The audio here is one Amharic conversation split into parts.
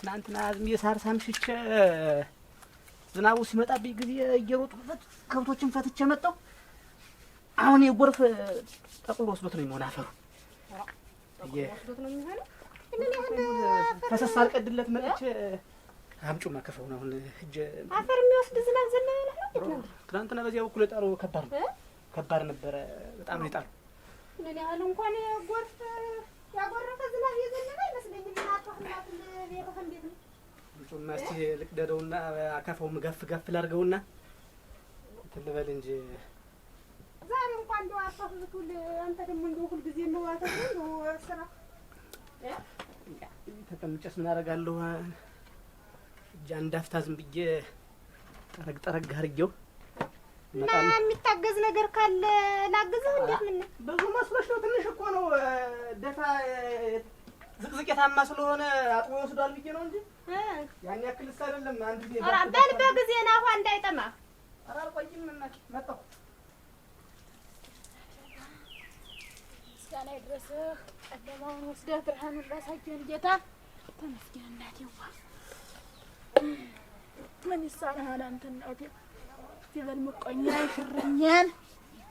ትናንትና ዝም የሳር ሳምሽቼ ዝናቡ ሲመጣብኝ ጊዜ እየሮጥኩበት ከብቶችን ፈትቼ መጣሁ። አሁን የጎርፍ ጠቁር ወስዶት ነው የሚሆን አፈሩ ፈሰስ አልቀድለት መጥቼ አምጩማ ከፈውን አሁን ሂጅ አፈር የሚወስድ ዝናብ ዘና ያለ ትናንትና በዚያ በኩል የጣሉ ከባድ ነው ከባድ ነበረ። በጣም ነው የጣሉ ምን ያህል እንኳን ጎርፍ ያጎረፈ ዝናብ የዘነበ ጩማ እስቲ ልቅደደውና አካፋው ገፍ ገፍ ላድርገውና እንትን ልበል እንጂ ዛሬ እንኳን እንደው አፋፍልኩል። አንተ ደግሞ እንደው ሁልጊዜ ነው አተህ እንደው ስራ ተቀምጨስ ምን አደርጋለሁ? እጅ አንድ ዝም ብዬ ጠረግ ጠረግ አድርጌው እና የሚታገዝ ነገር ካለ ላግዝህ። እንዴት ምን ብዙ መስሎሽ ነው? ትንሽ እኮ ነው ደታ ዝቅዝቄታማ ስለሆነ አጥቦ ወስዷል ብዬ ነው እንጂ ያን አይደለም። አንድ ጊዜ በል በጊዜ ና ውሃ እንዳይጠማ። ኧረ አልቆይም መጣሁ። ምስጋና ይድረስህ። ወስደህ ብርሃኑን ላሳየን ጌታ ተመስገን ምን ይሳናሃል አንተ እናቴ። ሲበል ምቆኛ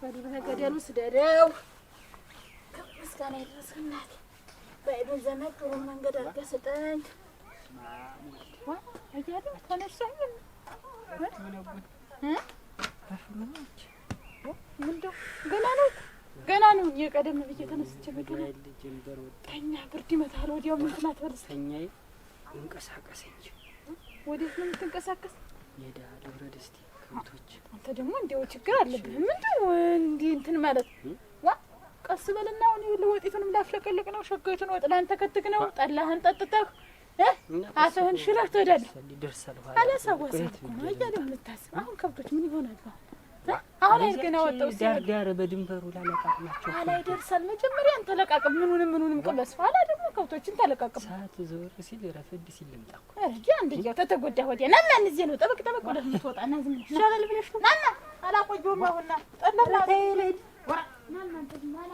በዱር ስደደው። ምስጋና ይድረስህ እናቴ። በእድሜ ዘመን ጥሩ መንገድ አድርገህ ስጠን። ገና ነው ገና ነው። የቀደም ብዬ ተነስቼ በገና ተኛ፣ ብርድ ይመታል። ወዲያው ምን ትናት በልስ እንቀሳቀስ እንጂ ወዴት ነው የምትንቀሳቀስ? ሜዳ ደብረ ደስቲ ከብቶች። አንተ ደግሞ እንዲያው ችግር አለብህ። ምንድን እንዲህ እንትን ማለት ነው። ቀስ በልና አሁን ይኸውልህ ወጢቱንም ላፍለቀልቅ ነው፣ ሸጋይቱን ወጥላን ተከትክ ነው፣ ጠላህን ጠጥተህ አፍህን ሽረህ ትሄዳለህ። አላሳዋሳት እያለ የምታስብ አሁን ከብቶች ምን ይሆናሉ? አሁን አይደል ገና ዳር ዳር በድንበሩ ላለቃቅማቸው አላይ መጀመሪያ ምኑንም ምኑንም ቅመስ፣ ኋላ ደግሞ ከብቶችን ተለቃቅም። ሰዓት ዞር ሲል ሲል ልምጣ እኮ እንጂ አንድያው ተተጎዳ ወዲያ ነው ጠበቅ ጠበቅ ወደ ምትወጣ ዝም ይሻላል ብለሽ ናና አላቆየሁም። ጠላ ወራ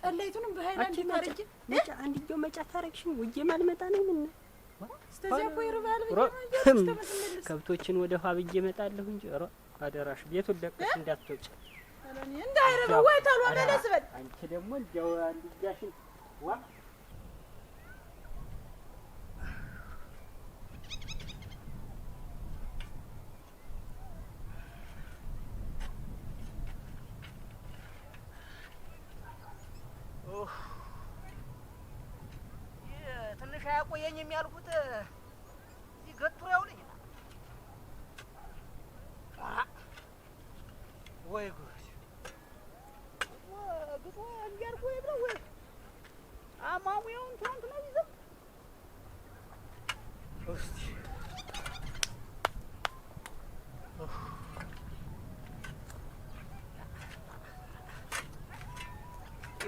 ጠላይቱንም በሀይላንድ ታረጂ መጫ አንድየው መጫ ታረግሽኝ ውዬ ማልመጣ ነው ምን እስከዚያ እኮ ይርባል ከብቶችን ወደ ውሃ ብዬ እመጣለሁ እንጂ ኧረ አደራሽ ቤቱን ለቀሽ እንዳትወጪ እንዳይረበው ወይ ታሏ በለስ በል አንቺ ደግሞ እንዲያው አንድያሽን ዋ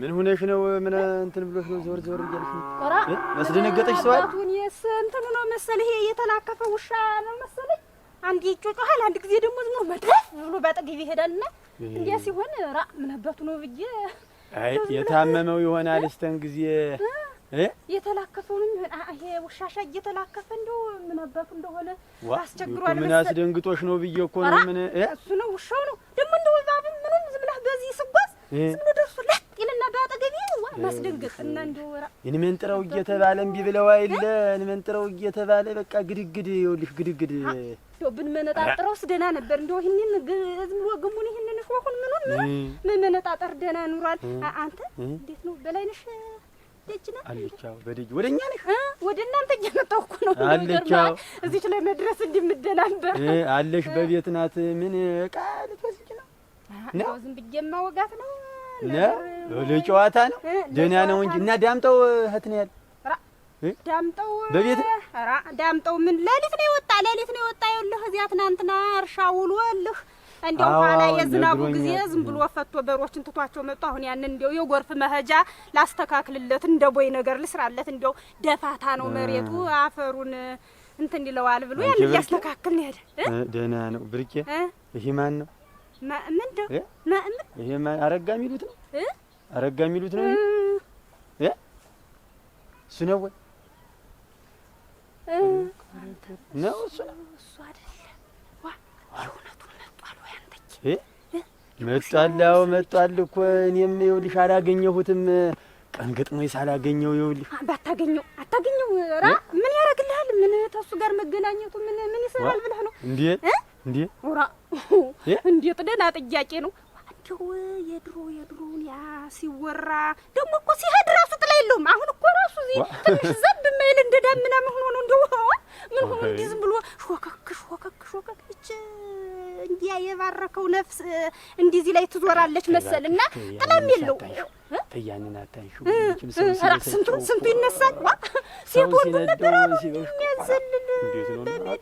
ምን ሁነሽ ነው? ምን እንትን ብሎሽ ነው? ዘወር ዘወር እያልሽ ነው ሰው ሰው አባቱን እንትኑ ነው መሰለህ፣ ይሄ የተላከፈ ውሻ ነው መሰለህ። አንድ ይጮጮሃል፣ አንድ ጊዜ ደግሞ ዝም ብሎ መድረፍ ብሎ በአጠገቤ ይሄዳልና እንዲያ ሲሆን ራ ምን አባቱ ነው ብዬ አይ የታመመው ይሆናል እስተን ጊዜ የተላከፈውንም ይሄ ውሻሻ እየተላከፈ እንደው ምን አባቱ እንደሆነ አስቸግሯል። ምን አስደንግጦሽ ነው ብዬ እኮ ነው። ምን እሱ ነው ውሻው ነው ደግሞ እንደው ባብ ምንም ዝም ብለህ በዚህ ስጓዝ ዝም ብሎ ደርሶ ለጥ ይልና በአጠገቢ ማስደንግጥ እና እንደው ራ እንመንጥረው እየተባለ እምቢ ብለው አይለ እንመንጥረው እየተባለ በቃ ግድግድ ይኸውልሽ፣ ግድግድ እንደው ብንመነጣጥረውስ ደህና ነበር። እንደው ይህንን ዝም ብሎ ግሙን ይህንን እሾኩን ምኑን ምኑን መመነጣጠር ደህና ኑሯል። አንተ እንዴት ነው በላይነሽ ደጅ ናት አለች። በደጅ ወደ እኛ ወደ እናንተ እየመጣሁ እኮ ነው እዚች ላይ መድረስ አለሽ። በቤት ናት። ምን ዕቃ ልትወስጂ ነው? ነው ዝም ብዬማ ወጋት ነው ለጨዋታ ነው። ደህና ነው እንጂ እና ዳምጠው እህት ነው ያለ ዳምጠው በቤት ዳምጠው ምን ሌሊት ነው የወጣ ሌሊት ነው የወጣ። ይኸውልህ እዚያ ትናንትና እርሻ ውሎልህ እንደው ኋላ የዝናቡ ጊዜ ዝም ብሎ ፈቶ በሮችን ትቷቸው መጡ። አሁን ያንን እንደው የጎርፍ መሄጃ ላስተካክልለት፣ እንደ ቦይ ነገር ልስራለት። እንደው ደፋታ ነው መሬቱ አፈሩን እንትን ይለዋል ብሎ ያን እያስተካክል ነው ደህና ነው ብርቄ። ይሄ ማን ነው? ምንድን ነው ይሄ? አረጋ የሚሉት ነው። አረጋ የሚሉት ነው። እሱ ነው ወይ ነው? እሱ ነው መጧላው መጧል እኮ እኔም ይኸውልሽ አላገኘሁትም። ቀን ገጥሞኝ ሳላገኘው ይኸውልሽ። ባታገኘው አታገኘው ራ ምን ያደርግልሃል? ምን ተሱ ጋር መገናኘቱ ምን ምን ይሰራል ብለህ ነው እንዴ? እንዴ ራ እንዴት ደህና ጥያቄ ነው። ናቸው። የድሮ የድሮን ያ ሲወራ ደግሞ እኮ ሲሄድ ራሱ ጥላ የለውም። አሁን እኮ ራሱ እዚህ ትንሽ ዘብ የማይል እንደ ዳምና ምን ሆኖ ነው እንደው ምን ሆኖ እንዲህ ዝም ብሎ ሾከክ ሾከክ ሾከክ እች እንዲያ የባረከው ነፍስ እንዲህ እዚህ ላይ ትዞራለች መሰልና ጥላም የለው ያንን አታንሹ ስንቱ ስንቱ ይነሳል። ሴት ወንዱ ነበር አሉ የሚያዘልል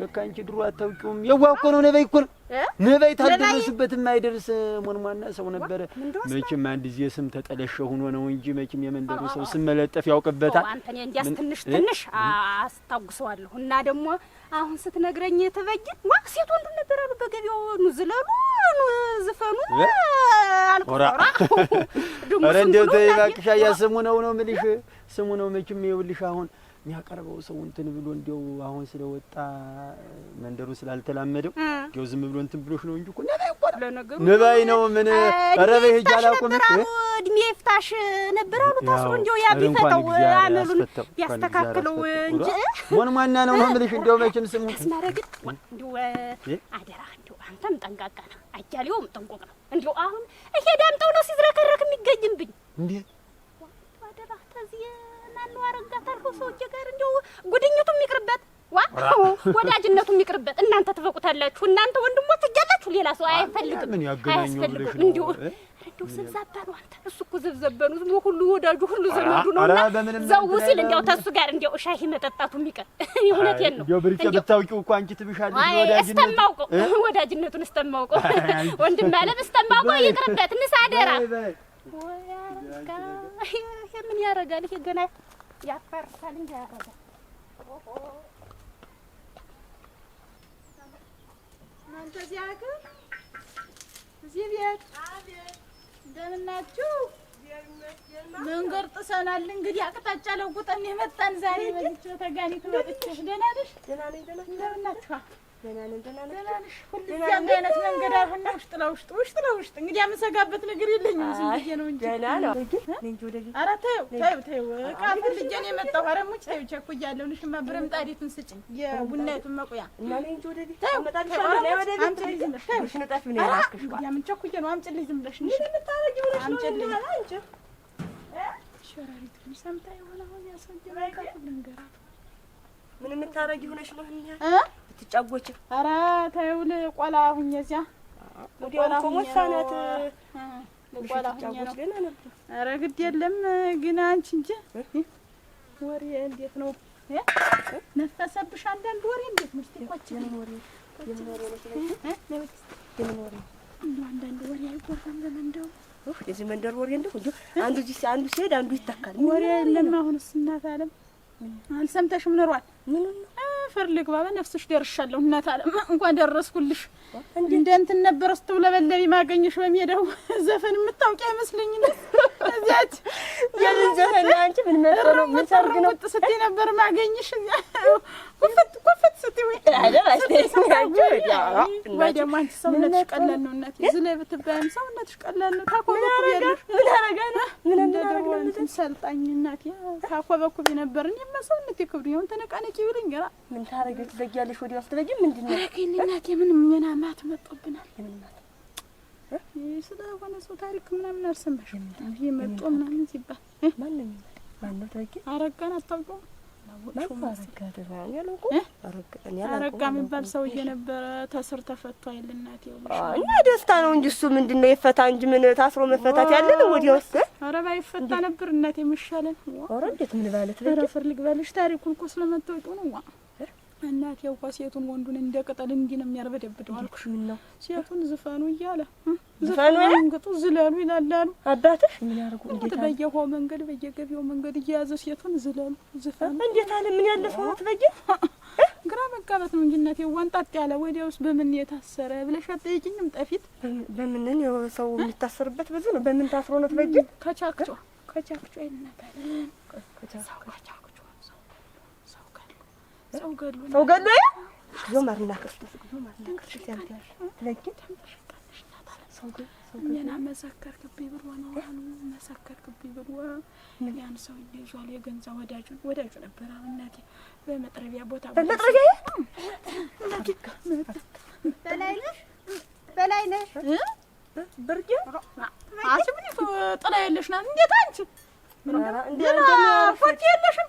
ለካ አንቺ ድሮ አታውቂውም። የዋ እኮ ነው ነበይ እኮ ነው ነበይ ታልደረሱበትም አይደርስ ሞንሟና ሰው ነበረ። መቼም አንድ ጊዜ ስም ተጠለሸ ሆኖ ነው እንጂ መቼም የመንደሩ ሰው ስም መለጠፍ ያውቅበታል። አንተን እንጂ ትንሽ ትንሽ አስታውሰዋለሁ። እና ደግሞ አሁን ስትነግረኝ የተበይን ዋ ሴት ወንዱ ነበር አሉ በገቢያው ኑ ዝለሉ ኑ ዝፈኑ አልቆራ ደግሞ እንደው ተይ እባክሽ፣ ያ ስሙ ነው ነው የምልሽ ስሙ ነው መቼም ይኸውልሽ አሁን የሚያቀርበው ሰው እንትን ብሎ እንዲያው አሁን ስለወጣ መንደሩ ስላልተላመደው እንዲያው ዝም ብሎ እንትን ብሎሽ ነው እንጂ እኮ ነባይ ይቆራል ነባይ ነው። ምን ረበ በይ ሂጅ እድሜ ይፍታሽ ነበር አሉ ታስሮ እንዲያው ያ ቢፈታው አመሉን ቢያስተካክለው እንጂ ሞን ማና ነው ነው የምልሽ። እንዲያው መቼም ስሙ ተስማረ ግን እንዲያው አደራ እንዲያው አንተም ጠንቃቃ ነው፣ አያሌውም ጥንቁቅ ነው። እንዲያው አሁን እሄ ዳምጠው ነው ሲዝረከረክ የሚገኝብኝ እንዴ አረጋት አልከው ሰውዬ ጋር እንደው ጉድኝቱም ይቅርበት፣ ዋ ወዳጅነቱም ይቅርበት። እናንተ ትበቁታላችሁ። እናንተ ወንድሞች ትያላችሁ። ሌላ ሰው አይፈልግም፣ አያስፈልግም። እንደው እንደው ዝብዛባ ነው አንተ። እሱ እኮ ዝብዘባ ነው። ዝም ሁሉ ወዳጁ ሁሉ ዘመዱ ነውና ዘው ሲል እንደው ተሱ ጋር እንደው ሻሂ መጠጣቱ የሚቀር እውነቴን ነው። ብርቄ ብታውቂው እኮ አንቺ ትብሻለሽ። እስተማውቀው ወዳጅነቱን እስተማውቀው ወንድም አለም እስተማውቀው ይቅርበት። ንስ አደራ ምን ያረጋል ይሄ ገና ያፋርሳል እንጂ አያረጋም። እናንተ እዚህ አያውቅም። እዚህ ቤት እንደምን ናችሁ? መንገድ ጥሰናል። እንግዲህ አቅጣጫ ለውጠን የመጣን ዛሬ በልቼ ተጋኒት መጥቼ ደህና ነሽ? እንደምን ናችኋል? ደህና ነን ደህና ነን። ሁልጊዜ አንድ አይነት መንገድ አሁን ውስጥ ለውስጥ ውስጥ ለውስጥ እንግዲህ የምሰጋበት ነገር የለኝም። ዝም ብዬሽ ነው እንጂ ደህና ነው እንጂ ወደዚህ። ኧረ ተይው ተይው ተይው፣ ዕቃ ፈልጌ ነው የመጣሁ። ኧረ ሙጭ ተይው፣ ቸኩያለሁ። ልሽማ ብር ምጣዴቱን ስጭኝ፣ የቡናይቱን መቁያ እና እኔ እንጂ ወደዚህ ተይው ተይው። አምጪልኝ ዝም ብለሽ ምን የምታረጊ ሆነሽ ነው? ብትጫጎች ኧረ ተይው፣ ቆላ ሁኝ እዚያ ወዲያውኑ ሁኝ ሞት ኧረ ግድ የለም ግን አንቺ እንጂ ወሬ እንዴት ነው ነፈሰብሽ? አንዳንድ ወሬ እንዴት ነው? አንዳንድ ወሬ አይጎራም በምን የዚህ መንደር ወሬ እንደው እንደው አንዱ እዚህ አንዱ ሲሄድ አንዱ ይታካል። ወሬ የለም አሁንስ እናት አለም አልሰምተሽም No, no, no. ፈልግ ልግባ። ነፍስሽ ደርሻለሁ። እናት አለም እንኳን ደረስኩልሽ። እንደ እንትን ነበር ለበለቢ ማገኘሽ በሚሄደው ዘፈን የምታውቂ አይመስለኝ። እዚያች የምን ዘፈን አንቺ? ምን መሰለ ምን ሰርግ ነው ስትይ ነበር ማገኘሽ። ኩፍት ኩፍት ስትይ ወይ ደግሞ አንቺ ሰውነትሽ ቀላል ነው እናቴ። ዝለይ ብትባይም ሰውነትሽ ቀላል ነው። ታኮበኩብ ያለሽ ምን አረጋና ምን እንደደወልኩ ሰልጣኝ እናቴ ታኮበኩብ ነበር። እኔማ ሰውነቴ ክብድ ይሁን ተነቃነቂ ይሉኝ ገና ምን ታረጊው? ትዘጊያለሽ? ወዲያው አስተበጂ ምንድን ነው እናቴ፣ ምን አማት መጦብናል። የምን ማት ስለሆነ ሰው ታሪክ ምናምን አልሰማሽም? ይሄ መጦ ምናምን ሲባል ታሪክ አረጋን አታውቀው አረጋ የሚባል ሰውዬ ነበረ። ተስር ተፈቶ አይደል እናቴ? እና ደስታ ነው እንጂ እሱ ምንድን ነው የፈታ እንጂ ምን ታስሮ መፈታት ያለ ነው። ኧረ ባይፈታ ነበር እናቴ ኧረ እንዴት ምን ባለት ታሪኩን እኮ ነው። እናት ያውኳ ሴቱን ወንዱን እንደ ቅጠል እንዲህ ነው የሚያርበደብደው። አልኩሽም ነው ሴቱን ዝፈኑ እያለ ዝፈኑ እንግጡ ዝለሉ ይላላሉ። አባትሽ ምን ያርጉ እንዴት በየሆ መንገድ በየገቢው መንገድ እየያዘ ሴቱን ዝለሉ ዝፈኑ እንዴት አለ ምን ያለፈው ትበየ ግራ መጋባት ነው እንጂ እናቴ ዋንጣጥ ያለ ወዲያውስ በምን የታሰረ ብለሽ አትጠይቂኝም። ጠፊት በምን ነው ሰው የሚታሰርበት ብዙ ነው። በምን ታስሮ ነው ትበየ ከቻክጮ ከቻክጮ ይልናታል ከቻክጮ ሰው ገሎ ጊዜው ማርና ክርስቶስ ጊዜው ማርና ክርስቶስ ያንተ ለኪን እኔን አመሰከርክብኝ ብሎ ብሎ ያን ሰውዬ ይዟል። የገንዛ ወዳጁን ወዳጁ ነበር። እናቴ በመጥረቢያ ቦታ በላይነሽ በላይነሽ ጥላ የለሽ ናት። እንዴት አንቺ ፎቶ የለሽም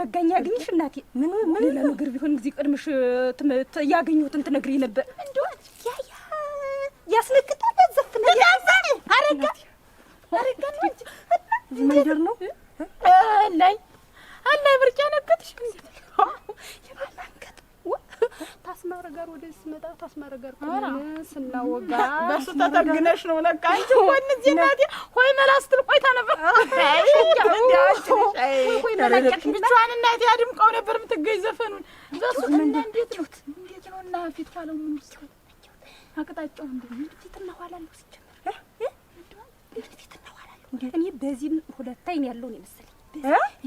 መገኛ ያገኝሽ እናቴ። ምን ምን ነገር ቢሆን ጊዜ ቀድምሽ ያገኘሁትን ትነግሪ ነበር። እንደው ያ ያ ያስነግጣል። ዘፍነ ያዛ አረጋ አረጋ ነው መንደር ነው ታስመረገር ስናወጋ በእሱ ተጠግነሽ ነው ለካ አንቺ እኮ እንጂ እናቴ ሆይ መላ ስትል ቆይታ ነበር። እናቴ አድምቀው ነበር የምትገኝ ዘፈኑን በእሱ እና እንዴት ነው እንዴት ነው እና ፊት ኋላው ምን ውስጥ አቅጣጫው እንዴት ፊትና ኋላ ነው ሲጀመር እንዴት ፊትና ኋላ ነው እኔ በዚህም ሁለት አይን ያለውን ይመስለኝ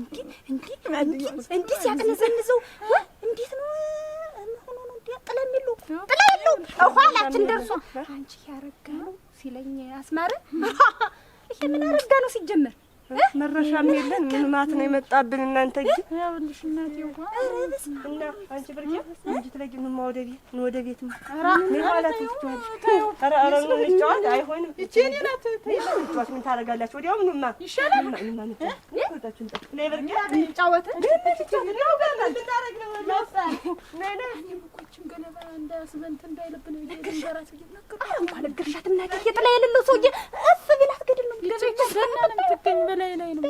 እንዴ እንዴ እንዴ እንዴ ሲያቀነዘንዘው እንዴት ነው ጥለን የሚሉ ጥለን የሚሉ ኋላችን ደርሶ አንቺ ያረጋ ነው ሲለኝ አስማረ ይሄ ምን አረጋ ነው ሲጀመር መረሻም የለን ምን ምማት ነው የመጣብን። እናንተ ግን ያውልሽ እናቴ እንኳ እና አንቺ ብርጌ እንጂ ትለጊ ምማ ወደ ቤት ነው ወደ ቤት ነው ማለት ኧረ ኧረ ምን እንጫወት። አይሆንም እቺ እኔ ናት እንጫወት። ምን ታደርጋላችሁ? ወዲያው ምንማ ይሻላል። ምን ምንማ እንጫወታችሁ ነይ ምን ልጫወት ነው ጋር ነው እንታረግ ነው ወጣ ነይ ነይ ቁጭም ገለባ እንዳያስበንት እንዳይልብን ብዬ ድንበራት ብዬ ነበር። እንኳን ነገርሻት እናቴ የጥላ የሌለው ሰውዬ እፍ ቢላት ገድል ነው ብዬ ነው ገና ነው በላይ ላይ ነው።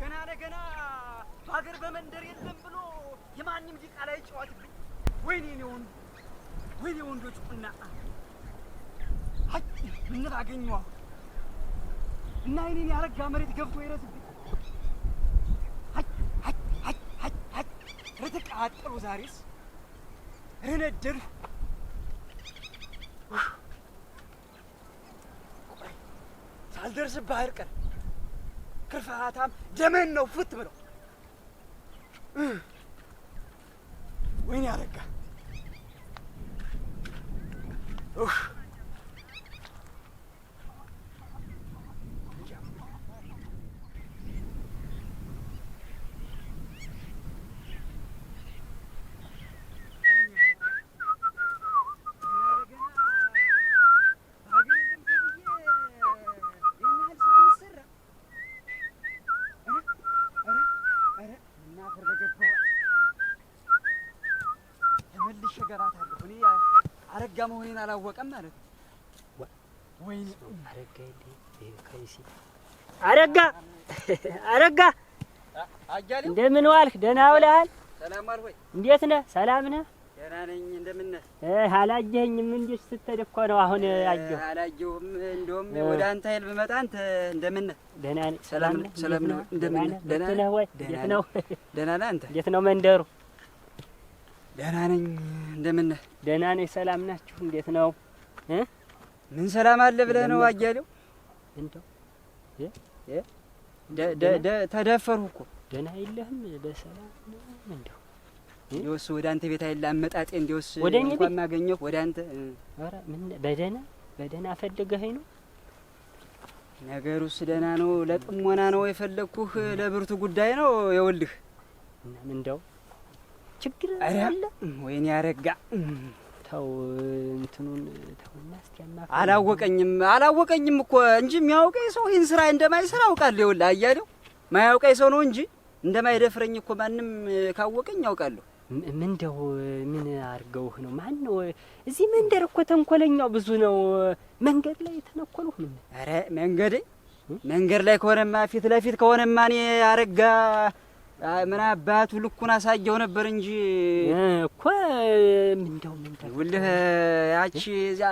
ገና ለገና በሀገር በመንደር የለም ብሎ የማንም ዲቃ ይጫወትብኝ ጨዋትብኝ። ወይኔ ወንዱ ወይኔ ወንዶች ቁና ምን ባገኘዋ እና ይኔን ያረጋ መሬት ገብቶ ይረትብኝ ረተቃጠሉ ዛሬስ ረነደዱ ሳልደርስብህ አይርቀን ክርፋታም ደመን ነው ፍት ብለው ወይኔ አረጋ ጋ መሆኔን አላወቀም ማለት ነው። ወይኔ አረጋ ከይሲ አረጋ አረጋ እንደምን ዋልህ? ደህና ውለሃል? ሰላም ዋልህ ወይ? እንዴት ነህ? ሰላም ነህ? ደህና ነኝ። እንደምን ነህ? አላየኸኝም። እንዴት ስትሄድ እኮ ነው አሁን ያየሁ። አላየሁም። እንደውም ወደ አንተ ኃይል ብመጣ አንተ እንደምን ነህ? ደህና ነኝ። ሰላም ነህ? ሰላም ነህ? እንደምን ነህ? ደህና ነህ ወይ? እንዴት ነው? ደህና ነህ አንተ? እንዴት ነው መንደሩ? ደህና ነኝ። እንደምን ነህ? ደህና ነኝ። ሰላም ናችሁ? እንዴት ነው? ምን ሰላም አለ ብለህ ነው አያሌው? እንደው ተደፈርሁ እኮ ደህና የለህም? በሰላም እንደው እንዲያውስ ወደ አንተ ቤት አይደል አመጣጤ? እንዲያውስ እንኳን ማገኘው ወደ አንተ ኧረ ምን በደህና በደህና ፈልገኸኝ ነው? ነገሩስ ደህና ነው። ለጥሞና ነው የፈለግኩህ፣ ለብርቱ ጉዳይ ነው። ይኸውልህ እና ምን እንደው ችግር አለ ወይኔ ያረጋ ተው እንትኑን ተውና እስኪ አላወቀኝም አላወቀኝም እኮ እንጂ የሚያውቀኝ ሰው ይህን ስራ እንደማይሰራ አውቃለሁ። ይኸውልህ አያሌው ማያውቀኝ ሰው ነው እንጂ እንደማይደፍረኝ እኮ ማንም ካወቀኝ ያውቃለሁ። ምን እንደው ምን አድርገውህ ነው? ማን ነው እዚህ መንደር እኮ ተንኮለኛው ብዙ ነው። መንገድ ላይ የተነኮሉህ ምን? ኧረ መንገዴ መንገድ ላይ ከሆነማ ፊት ለፊት ከሆነማ እኔ አረጋ ምን አባቱ ልኩን አሳየው ነበር እንጂ እኮ ምንደው ምንደው ውልህ ያቺ እዚያ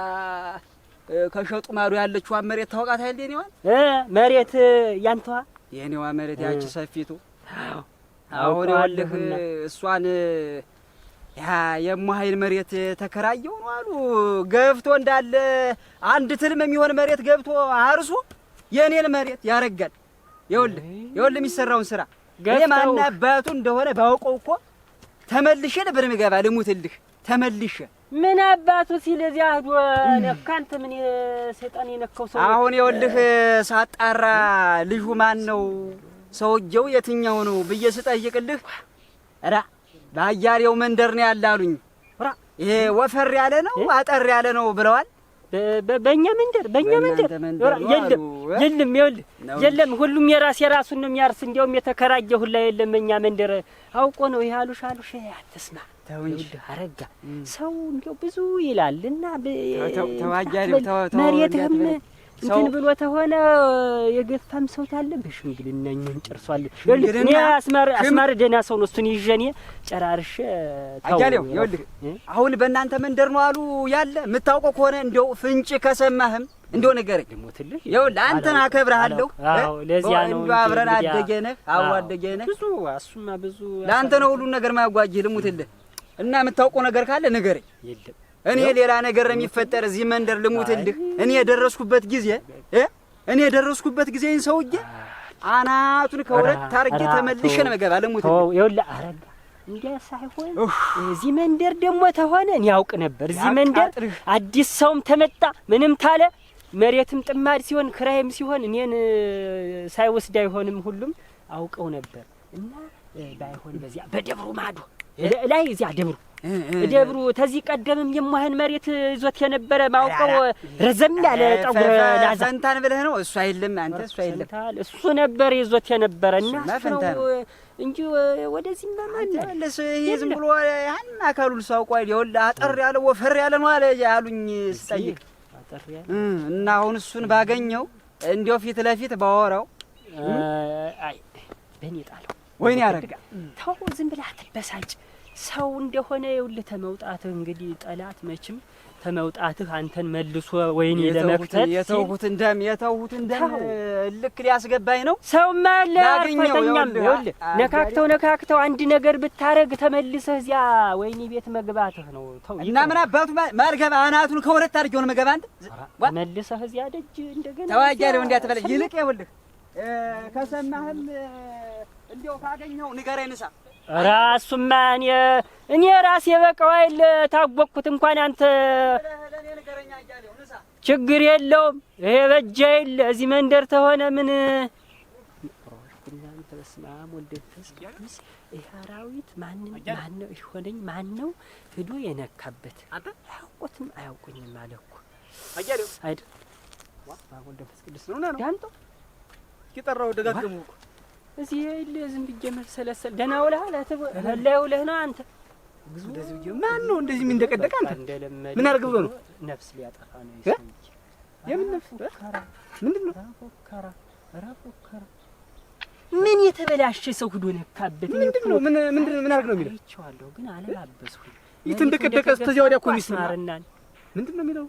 ከሸጡ ማዶ ያለችዋ መሬት ታውቃት አይደል? የኔዋ መሬት ያንተዋ የኔዋ መሬት ያቺ ሰፊቱ። አሁን ይኸውልህ እሷን ያ የሙሀይል መሬት ተከራየው ነው አሉ ገብቶ እንዳለ አንድ ትልም የሚሆን መሬት ገብቶ አርሶ የኔን መሬት ያረጋል። ይኸውልህ ይኸውልህ የሚሰራውን ስራ ማናባቱ እንደሆነ ባውቀው እኮ ተመልሼ ነበር የምገባ። ልሙትልህ ተመልሼ ምን አባቱ ሲል እዚያ ምን ሰይጣን የነካው ሰው? አሁን ሳጣራ ልጁ ማን ነው ሰውየው የትኛው ነው ብዬ ስጠይቅልህ ራ በአያሌው መንደር ነው ያላሉኝ። ይሄ ወፈር ያለ ነው አጠር ያለ ነው ብለዋል። በእኛ መንደር በእኛ መንደር የለም የለም ይኸውልህ የለም ሁሉም የራስ የራሱን ነው የሚያርስ። እንዲያውም የተከራጀ ሁላ የለም በእኛ መንደር። አውቆ ነው ይሄ አሉሽ አሉሽ አትስማ አረጋ ሰው እንዲያው ብዙ ይላልና ተዋጃሪ መሬትህም እንትን ብሎ ተሆነ የገፋም ሰው ታለ በሽምግልና እኛን ጨርሷል። እኔ አስማር አስማር ደህና ሰው ነው። እሱን ይዤ እኔ ጨራርሼ አያሌው፣ ይኸውልህ አሁን በእናንተ መንደር ነው አሉ ያለ የምታውቀው ከሆነ እንደው ፍንጭ ከሰማህም እንደው ንገረኝ። ሞትልህ ይኸውልህ፣ አንተን አዎ ለዚያ ነው እንዴ አብረን አደገነህ። አዎ አደገነህ። ብዙ አሱማ ብዙ ለአንተ ነው ሁሉን ነገር ማያጓጅህ። ልሙትልህ እና የምታውቀው ነገር ካለ ንገረኝ። የለም እኔ ሌላ ነገር የሚፈጠር እዚህ መንደር ልሙትልህ። እኔ የደረስኩበት ጊዜ እኔ የደረስኩበት ጊዜ ሰውዬ አናቱን ከወረት ታርጌ ተመልሼ ነው መገባ ልሙትልህ። ይኸውልህ አረጋ እንዲያ ሳይሆን እዚህ መንደር ደግሞ ተሆነ እኔ ያውቅ ነበር። እዚህ መንደር አዲስ ሰውም ተመጣ ምንም ታለ መሬትም ጥማድ ሲሆን ክራይም ሲሆን እኔን ሳይወስድ አይሆንም። ሁሉም አውቀው ነበር እና ባይሆን በዚያ በደብሩ ማዶ ላይ እዚያ ደብሩ ደብሩ ተዚህ ቀደምም የማህን መሬት ይዞት የነበረ ማውቀው ረዘም ያለ ጠጉር ላዛ ፈንታን ብለህ ነው። እሱ አይልም አንተ፣ እሱ አይልም እሱ ነበር ይዞት የነበረ እና እንጂ ወደዚህ በማን ለስ ይሄ ዝም ብሎ ያን አካሉን ሳውቋ ይወል አጠር ያለ ወፈር ያለ ነው አለ ያሉኝ ስጠይቅ እና አሁን እሱን ባገኘው እንዲያው ፊት ለፊት ባወራው አይ በኔ ጣለው ወይኔ ያረጋ ተው፣ ዝም ብለህ አትበሳጭ። ሰው እንደሆነ ይኸውልህ ተመውጣትህ እንግዲህ ጠላት መችም ተመውጣትህ አንተን መልሶ ወይኔ ለመክተት የተውሁትን ደም የተውሁትን ደም ልክ ሊያስገባኝ ነው። ሰውማ ያለ አርፈተኛም ይኸውልህ ነካክተው ነካክተው አንድ ነገር ብታረግ ተመልሰህ እዚያ ወይኔ ቤት መግባትህ ነው። ተው እና ምን አባቱ ማልገባ አናቱን ከሁለት አድርጌው ነው መገባ አንተ መልሰህ እዚያ ደጅ እንደገና ተዋጃለሁ እንዲያ ተበለ ይልቅ ይኸውልህ ከሰማህም እንዴው ካገኘው ንገረኝ። ንሳ ራሱማ እኔ እኔ ራሴ በቀው አይል ታወቅኩት። እንኳን አንተ ችግር የለውም ይሄ በጃ የለ እዚህ መንደር ተሆነ ምን በስመ አብ ወልድ መንፈስ ቅዱስ ይህ አራዊት ማንም ማነው ይሆነኝ ማነው ሂዶ የነካበት አያውቁትም አያውቁኝም አለ እኮ አይደል? ወልድ መንፈስ ቅዱስ ነው ነው ዳምጦ ይጠራው ደጋግሞ እኮ እዚህ ይኸውልህ ዝም ብዬ መሰለሰል ደህና ውለሃል። ላይ ውለህ ነው አንተ። ማን ነው እንደዚህ የሚንደቀደቅ? አንተ ምን አድርገህ ብሎ ነው? ነፍስ ሊያጠፋ ነው። የምን ነፍስ? ምንድን ነው? ምን የተበላሸ ሰው ሁዶ ነካበት? ምንድን ነው? ምን ምን አድርግ ነው የሚለው? ይቸዋለሁ ግን አለላበስኩኝ። ይህ ተንደቀደቀ። ተዚያ ወዲያ እኮ ሚስት ነው። ምንድን ነው የሚለው?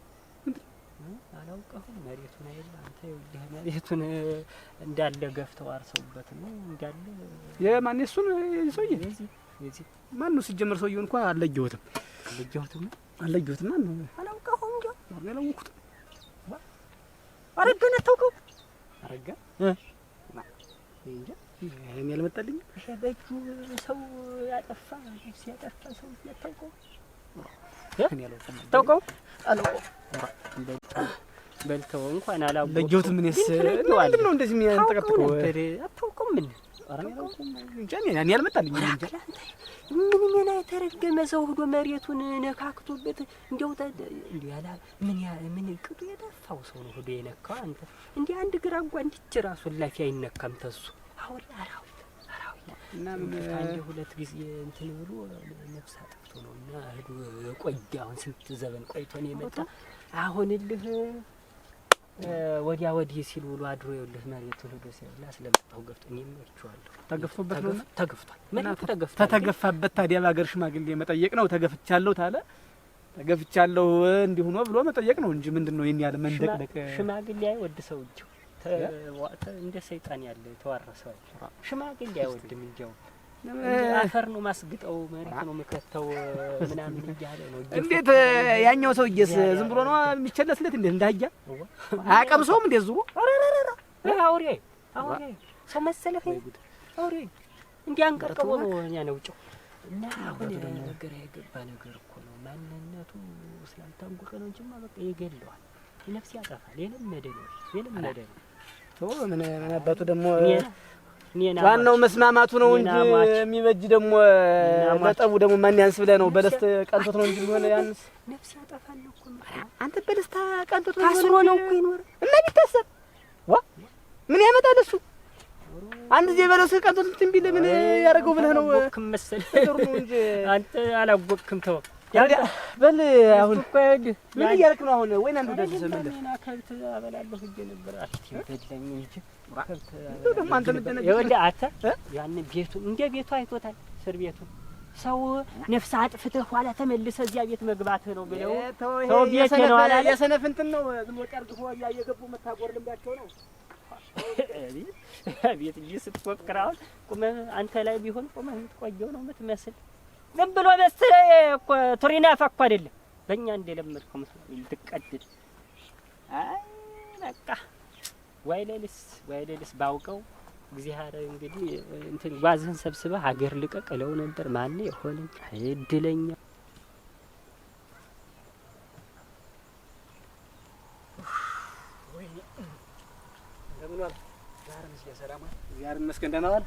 አላውቀሁም። መሬቱን አይደል አንተ ይኸውልህ፣ መሬቱን እንዳለ ገፍተው አርሰውበት ነው እንዳለ። የማን እሱን ሰውዬ ማን ነው ሲጀመር? ሰውዬው እንኳን አለየሁትም፣ አለየሁትም፣ አለየሁትም። ማን ነው አላውቀሁም። እንጂ ያላወኩት አረጋን አታውቀው? አረጋ እንጃ ይሄን ያልመጣልኝ በእጁ ሰው ያጠፋ ልብስ ያጠፋ ሰው ያታውቀው ታውቀው አላውቀውም። በልተው እንኳን አላውቅም። ለጆት ምን ይስል ነው እንደዚህ የሚያንጠቀጥቀው? አታውቅም? ምን እኔ አልመጣልኝ ምን ምን የተረገመ ሰው ሂዶ መሬቱን ነካክቶበት እንዲያው ያላ ምን ምን ቅጡ የደፋው ሰው ነው ሂዶ የነካው። አንተ እንዲህ አንድ ግራ እንኳ እንዲች ራሱን ላፊ አይነካም ተሱ አሁን አራዊት አንድ ሁለት ጊዜ እንትን ብሎ ነፍስ አጥፍቶ ነው እና ሂዶ ቆየ። አሁን ስንት ዘበን ቆይቶ ነው የመጣ አሁን ልህ ወዲያ ወዲህ ሲል ውሎ አድሮ የውልህ መሬቱ ሄዶ ሲያላ ስለመጣሁ እኔም ይመችዋለሁ። ተገፍቶበት ነው ተገፍቷል። ምን ተገፍቷል? ተተገፋበት ታዲያ በሀገር ሽማግሌ መጠየቅ ነው። ተገፍቻለሁ ታለ ተገፍቻለሁ እንዲሁ ነው ብሎ መጠየቅ ነው እንጂ ምንድን ነው ይሄን ያለ መንደቅደቅ? ሽማግሌ አይወድ ሰው እንጂ እንደ ሰይጣን ያለ ተዋረሰው ሽማግሌ አይወድም እንዲያው አፈር ነው ማስግጠው፣ መሬት ነው የምከተው ምናምን እያለ ነው። እንዴት ያኛው ሰውዬስ ዝም ብሎ ነው የሚቸለስለት? እንዴት እንዳያ አያቀምሰውም? እንዴት ዙሮ አውሬ አውሬ ሰው መሰለህ አውሬ እንዲህ አንቀርቅቦ ነው እኛ ነው ውጭው እና አሁን ነገር ያገባ ነገር እኮ ነው። ማንነቱ ስላልታወቀ ነው እንጂማ በቃ ይገለዋል፣ ነፍስ ያጠፋል። የለመደ ነው የለመደ ነው። ምን አባቱ ደግሞ ዋናው መስማማቱ ነው እንጂ የሚበጅ ደግሞ መጠቡ ደግሞ ማን ያንስ ብለህ ነው? በለስት ቀንቶት ነው እንጂ ሆነ ያንስ ነፍስ ያጠፋል እኮ አንተ በለስታ ቀንቶት ነው ታስሮ ነው እኮ ይኖር እና ቢታሰብ ዋ ምን ያመጣል እሱ አንድ ጊዜ በለስ ቀንቶት እንትን ቢል ምን ያደርገው ብለህ ነው? ክም እንጂ አንተ አላወቅክም ተወው በል አሁን ምን እያልክ ነው? አሁን ወይን አንዱ ደስ ምንድን ከብት አበላለሁ ሂጅ ነበር ያንን ቤቱን እንደ ቤቱ አይቶታል። ስር ቤቱ ሰው ነፍስ አጥፍተህ ኋላ ተመልሰህ እዚያ ቤት መግባትህ ነው ብለው ሰው ቤት ነው አላለ። የሰነፍ እንትን ነው ዝም ብሎ ቀርጽፎ እየገቡ መታጎር ነው። ቤት እንጂ ስትፎክር አሁን ቁመህ አንተ ላይ ቢሆን ቁመህ የምትቆየው ነው የምትመስል ዝም ብሎ መሰለ እኮ ቱሪና ፈኮ አይደለም። በእኛ እንደለመድከው መስሎ ልትቀድድ። አይ በቃ ዋይ ሌሊስ ዋይ ሌሊስ ባውቀው እግዚአብሔር እንግዲህ እንትን ጓዝህን ሰብስበህ ሀገር ልቀቅ እለው ነበር። ማን የሆነ እድለኛ ሰላም፣ እግዚአብሔር ይመስገን። ደህና ዋል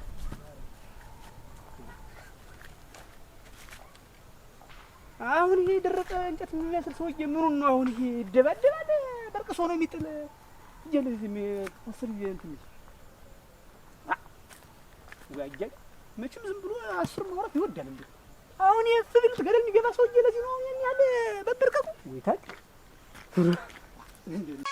አሁን ይሄ የደረቀ እንጨት የሚመስል ሰውዬ ምኑን ነው አሁን? ይሄ ይደባደባል፣ በርቅሶ ነው የሚጥል እያለ እዚህ የሚፈስል እንትን ያጃል። መቼም ዝም ብሎ አስር ማውራት ይወዳል እንዴ! አሁን ይሄ ስብልት ገደል የሚገባ ሰውዬ ለዚህ ነው ያን ያለ በበርቀቱ ወይታል እንዴ